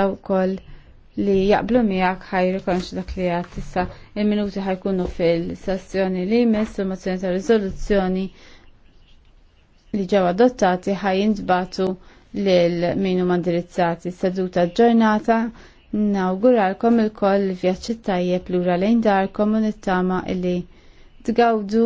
għaw kol li jaqblu miegħek ħajri rikonx dak li għad issa il-minuti ħajkunu fil-sessjoni li jmess u mozzjoni ta' riżoluzzjoni li ġew adottati ħaj jintbatu lil minu mandirizzati seduta ġurnata nawguralkom il-koll vjaċċi tajjeb lura lejn darkom u nittama illi tgawdu